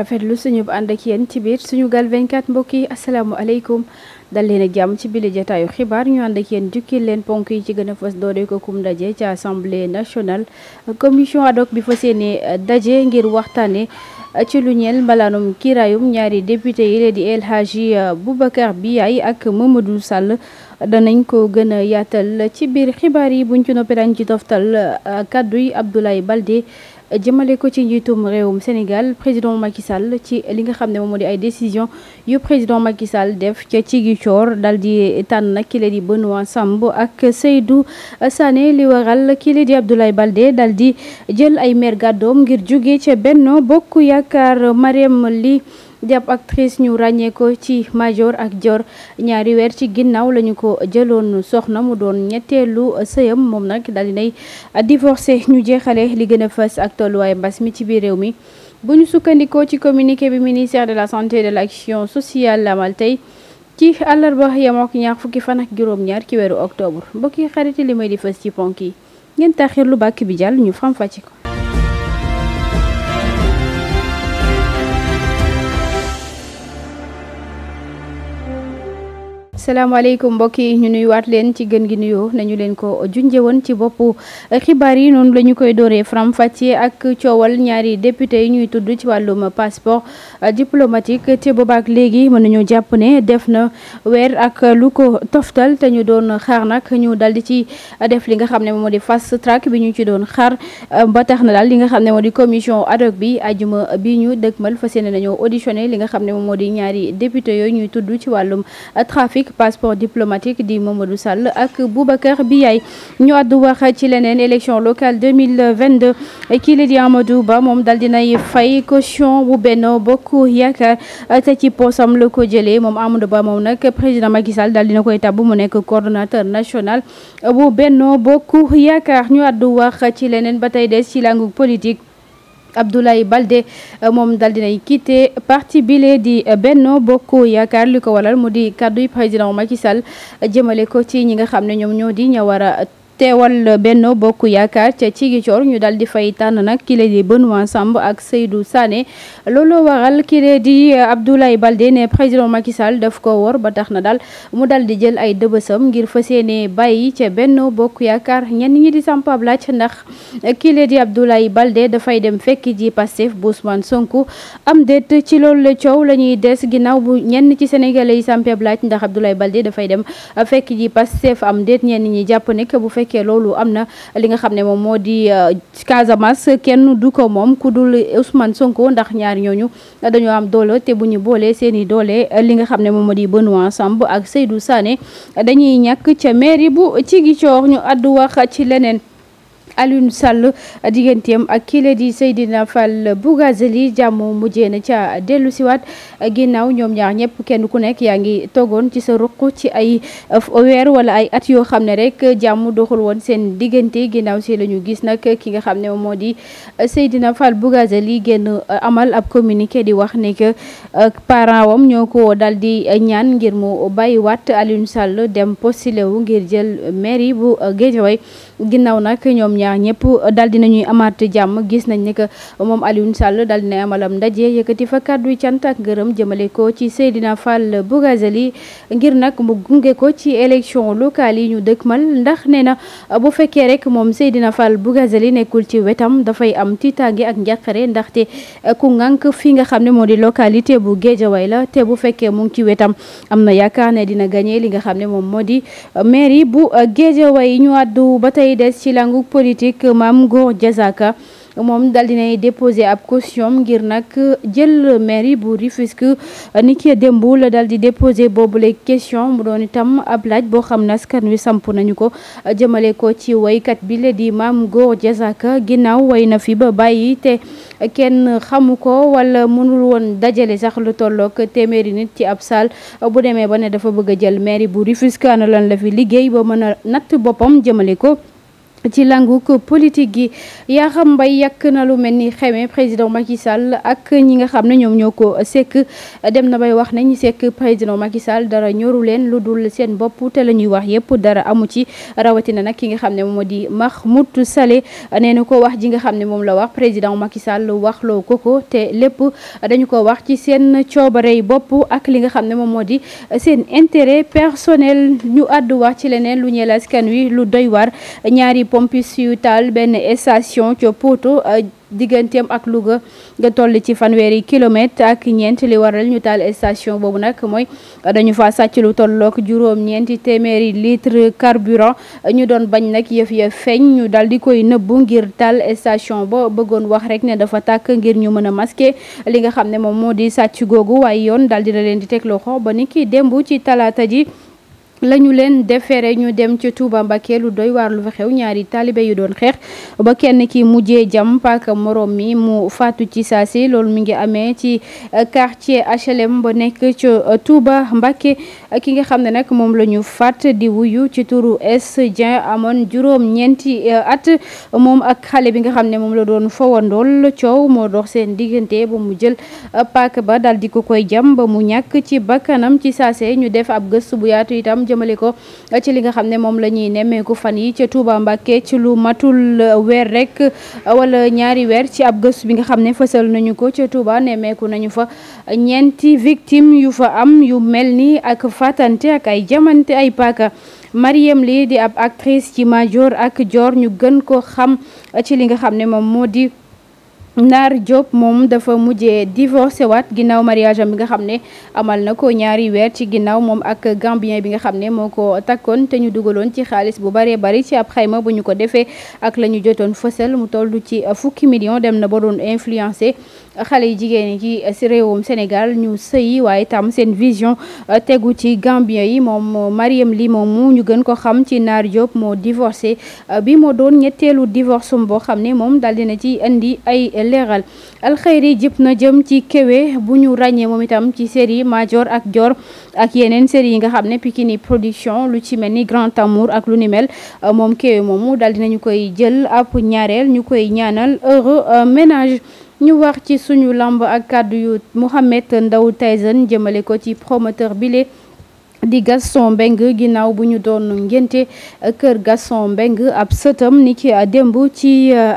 rafetlu suñu ànd ak yéen ci biir suñu gal 24 mbokk yi asalaamualeykum dal leen ak jàmm ci bile jataayu xibaar ñu ànd ak jukki leen ponk yi ci gën a fës doore ko kum daje ci assemblée nationale commission ad bi fas yéene euh, daje ngir waxtaanee euh, ci lu ñeel mbalaanum kiiraayum ñaari député yi lee di bu Hadji euh, bi Biaye ak Mamadou Sall danañ ko gën a yaatal ci biir xibaar yi buñ ci noppee dañ ci toftal kaddu yi Abdoulaye Baldé jëmale ko ci njiitum réewum Sénégal président Macky Sall ci li nga xam ne moom moo di ay décision yu président Macky Sall def ca Ziguinchor dal di tànn nag kile di Benoît Sambou ak Seydou Sané li waral kile di Abdoulaye balde dal di jël ay maire doom ngir jóge ca Benno Bokk Yaakaar Marème li di ab ñu ràññeekoo ci major ak jor ñaari weer ci ginnaaw lañu ko jëloon soxna mu doon ñetteelu sëyam moom nag daal di nay divorcé ñu jeexale li gën a fës ak tolluwaay mbas mi ci biir réew mi bu ñu sukkandikoo ci communiqué bi ministère de la santé et de l' action sociale lamal tey ci àllarba yamook ñaar fukki fan ak juróom-ñaar ki weeru octobre mbokki xarit li may di fës ci ponk yi ngeen taxir lu bàkk bi jàll ñu fam fàcc ko asalaamaaleykum mbokk yi ñu nuyuwaat leen ci gën gi nuyoo nañu leen ko junjee woon ci boppu xibaar yi noonu la ñu koy dooree Faram Facce ak coowal ñaari député yi ñuy tudd ci wàllum passeport euh, diplomatique te boobaak léegi mën nañoo jàpp ne def na weer ak lu ko toftal te ñu doon xaar nag ñu dal di ci def li nga xam ne moom di fast track bi ñu ci doon xaar euh, ba tax na daal li nga xam ne moo di commission ad hoc bi ajuma bi ñu dëgmal fas yéene nañoo auditionné li nga xam ne moo di ñaari député yooyu ñuy tudd ci wàllum trafic. passeport diplomatique di Mamadou Sall ak Boubacar Biaye ñu àddu wax ci leneen élection locale 2022 kii la di Amadou Ba moom dal dinay fay caution bu Benno Bokk Yaakaar te ci poosam la ko jëlee moom Amadou Ba moom nag président Macky Sall dal dina koy tàbb mu nekk coordonnateur national bu Benno Bokk Yaakaar ñu àddu wax ci leneen ba des ci langue politique Abdoulaye Baldé euh, moom dal dinay quitté parti bile di euh, Benno Bokk Yaakaar li ko waral mu di kadduy yi président Macky Sall jëmale ko ci ñi nga xam ne ñoom ñoo di ña war a teewal Benno Bokk Yaakaar ca Ziguinchor ñu daal di fay tànn nag kile di Benoît Samb ak Seydou Sané looloo waral kile di Abdoulaye Baldé ne président Macky Sall daf ko wor ba tax na dal mu dal di jël ay dëbësam ngir fas yéene bàyyi ca Benno Bokk Yaakaar ñenn ñi di sampaab laaj ndax kile di Abdoulaye Baldé dafay dem fekk ji Pastef bu Ousmane Sonko am déet ci loolu la coow la ñuy des ginnaaw bu ñenn ci sénégalais yi sampaab laaj ndax Abdoulaye Baldé dafay dem fekkee loolu am na li nga xam ne moom moo di euh, Casamance kenn du ko moom ku dul Ousmane Sonko ndax ñaar ñooñu dañoo am doole te bu ñu boolee seeni doole li nga xam ne moom moo di Benoît Samb ak Seydou Sané dañuy ñàkk ca mairie bu Ziguinchor ñu àddu wax ci leneen. Alioune Sall digganteem ak kile di Seydina Fall Bougazeli jàmm mujjee na ca dellu siwaat ginnaaw ñoom ñaar ñëpp kenn ku nekk yaa ngi toogoon ci sa ruq ci ay weer wala ay at yoo xam ne rek jàmm doxul woon seen diggante ginnaaw si la ñu gis nag ki nga xam ne moo di Seydina Fall Bougazeli génn amal ab communiqué di wax ne que euh, parent wam ñoo ko dal di ñaan ngir mu bàyyiwaat alin Sall dem postulé wu ngir jël mairie bu Guédiawaye ginnaaw nag ñoom ñaar ñëpp daal dinañuy amaat jàmm gis nañ ne que moom Alioune Sall daal dina amalam ndaje yëkkati fa kàddu cant ak ngërëm jëmale ko ci Seydina Fall Bougazelli ngir nag mu gunge ko ci élection locale yi ñu dëkkmal ndax nee na bu fekkee rek moom Seydina Fall Bougazelli nekkul ci wetam dafay am ti tiitaange ak njàqare ndaxte ku ngànk fi nga xam ne moo di localité bu Guédiawaye la te bu fekkee mu ngi ci wetam am na yaakaar ne dina gagné li nga xam ne moom moo di tey des ci langu politique maam goo Diazaka moom dal dinay déposé ab caution ngir nag jël mairie bu Rufisque ni ki démb la dal di déposé boobule question mu doon itam ab laaj boo xam ne askan wi samp nañu ko jëmale ko ci woykat bi la di maam Gor Diazaka ginnaaw way na fi ba bàyyi te kenn xamu ko wala mënul woon dajale sax lu tolloog téeméeri nit ci ab saal bu demee ba ne dafa bëgg a jël mairie bu Rufisque ana lan la fi liggéey ba mën natt boppam jëmale ko ci langug politique gi xam Mbaye yàq na lu mel ni xeme président Macky Sall ak ñi nga xam ne ñoom ñoo ko sekk dem na bay wax ne ñi sekk président Macky Sall dara ñoru leen lu dul seen bopp te la ñuy wax yépp dara amu ci rawatina nag ki nga xam ne moom moo di Mahmoud Saleh nee na ko wax ji nga xam ne moom la wax président Macky wax loo ko ko te lépp dañu ko wax ci seen coobarey bopp ak li nga xam ne moom moo di seen intérêt personnel ñu àddu wax ci leneen lu ñeel wi lu doy war ñaari pompis yu taal benn estation ca Potou euh, digganteem ak Louga nga toll ci fanweeri kilomètre ak ñeenti li waral ñu taal station boobu nag mooy dañu fa sàcc lu tollook juróom ñeenti téeméeri litre carburant ñu doon bañ nag yëf ya feeñ ñu dal di koy nëbbu ngir taal station boo bëggoon wax rek ne dafa tàkk ngir ñu mën a masquer li nga xam ne moom moo di sàcc googu waaye yoon dal la leen di teg loxo ba ni ki démb ci talaata ji lañu leen defere ñu dem ca Touba Mbacké lu doy waar lu fa xew ñaari taalibe yu doon xeex ba kenn ki mujjee jam paaka moroom mi mu faatu ci saasi lool mu ngi amee ci euh, quartier HLM ba nekk ca euh, Touba Mbacké ki nga xam ne nag moom la ñu faat di wuyu ci turu S Dieng amoon juróom ñeenti euh, at moom ak xale bi nga xam ne moom la doon fawandool coow moo dox seen diggante ba mu jël paaka ba dal di ko koy jam ba mu ñàkk ci bakkanam ci saase ñu def ab gëstu bu yaatu jëmale ko ci li nga xam ne moom la ñuy nemmeeku fan yi ca Touba Mbacké ci lu matul weer rekk wala ñaari weer ci ab gëstu bi nga xam ne fësal nañu ko ca Touba nemmeeku nañu fa ñeenti victime yu fa am yu mel ni ak fatante ak ay jamante ay paaka Mariam lii di ab actrice ci Madior ak Dior ñu gën ko xam ci li nga xam ne moom moo di Naar Diop moom dafa mujjee divorcé waat ginnaaw mariage bi nga xam ne amal na ko ñaari weer ci ginnaaw moom ak Gambien bi nga xam ne moo ko takkoon te ñu dugaloon ci xaalis bu baree bari ci ab xayma bu ñu ko defee ak la ñu jotoon fësal mu toll ci fukki million dem na ba doon influencé xale yi jigéen yi ci réewum Sénégal ñu sëyi waaye tam seen vision euh, tegu ci Gambien yi moom Mariam li moomu ñu gën ko xam ci Naar Diop moo divorcé euh, bi moo doon ñetteelu divorce boo xam ne moom daal dina ci indi ay. leeral alxayri jip na jëm ci kewe bu ñu ràññee moom itam ci série Madior ak Dior ak yeneen série yi nga xam ne Pikini production lu ci mel ni Grand tamoor ak lu ni mel euh, moom kewe moomu daal dinañu koy jël ab ñaareel ñu koy ñaanal heureux euh, ménage ñu wax ci suñu làmb ak kàddu yu Mouhamed Ndaw Tyson jëmale ko ci promoteur bile di Gaston Mbengue ginnaaw bu ñu doon ngénte eh, kër Gaston Mbengue ab sëtam ni ki eh, démb ci eh,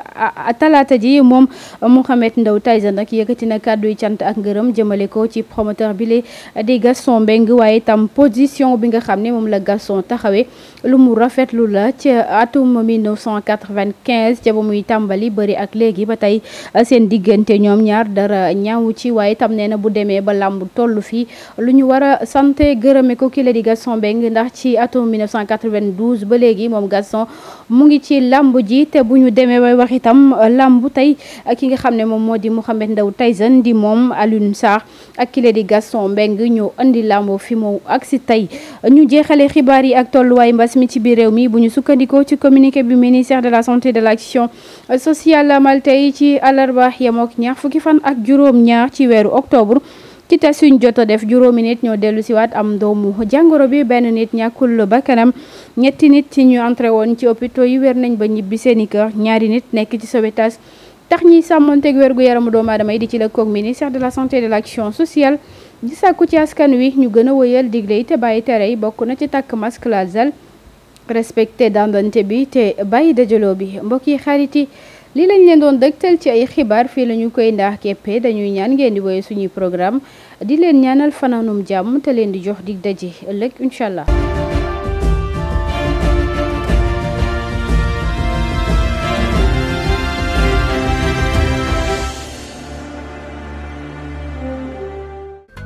talaata ji moom Mouhamed Ndao Tyson nag yëkkati na kàddu cant ak ngërëm jëmale ko ci promoteur bi li di Gaston Mbengue waaye itam position bi nga xam ne moom la Gaston taxawee lu mu rafetlu la ci atum 1995 ca ba muy tàmbali bëri ak léegi ba tey seen diggante ñoom ñaar dara ñaawu ci waaye itam nee na bu demee ba làmb toll fii lu ñu war a gërëme ko kii la di Gaston Mbengue ndax ci atum 1992 ba léegi moom Gaston mu ngi ci làmb ji te bu ñu demee way wax itam làmb tey ki nga xam ne moom moo di Mouhamed Ndao Tyson di moom Alioune Sarr ak kii la gason Gaston Mbengue ñoo indi làmb fi ak si tey ñu jeexale xibaar yi ak tolluwaay mbas mi ci biir réew mi bu ñu sukkandikoo ci communiqué bi ministère de la santé de l'action sociale amal tey ci àllarba yemook ñaar fukki fan ak juróom ñaar ci weeru octobre ci tes yuñ jot a def juróomi nit ñoo dellu siwaat am doomu jàngoro bi benn nit ñàkkul kanam ñetti nit ci ñu entré woon ci hôpitaux yi wér nañ ba ñibbi seeni kër ñaari nit nekk ci sauvetage tax ñiy sàmmonteeg wér gu yaramu doomu aadama yi di ci la koog ministère de la santé et de l'action sociale di sàkku ci askan wi ñu gën a wëyal digle yi te bàyyi tere yi bokk na ci takk masque la zel respecté dandante bi te bàyyi dajaloo bi mbokk yi lii lañu leen doon dëgtal ci ay xibaar fii la ñu koy ndax keppe dañuy ñaan ngeen di woye suñuy programme di leen ñaanal fanaanum jàmm te leen di jox di daje ëllëg incha allah.